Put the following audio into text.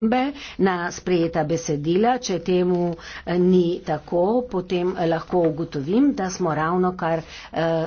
pripombe na sprejeta besedila. Če temu eh, ni tako, potem eh, lahko ugotovim, da smo ravno kar eh,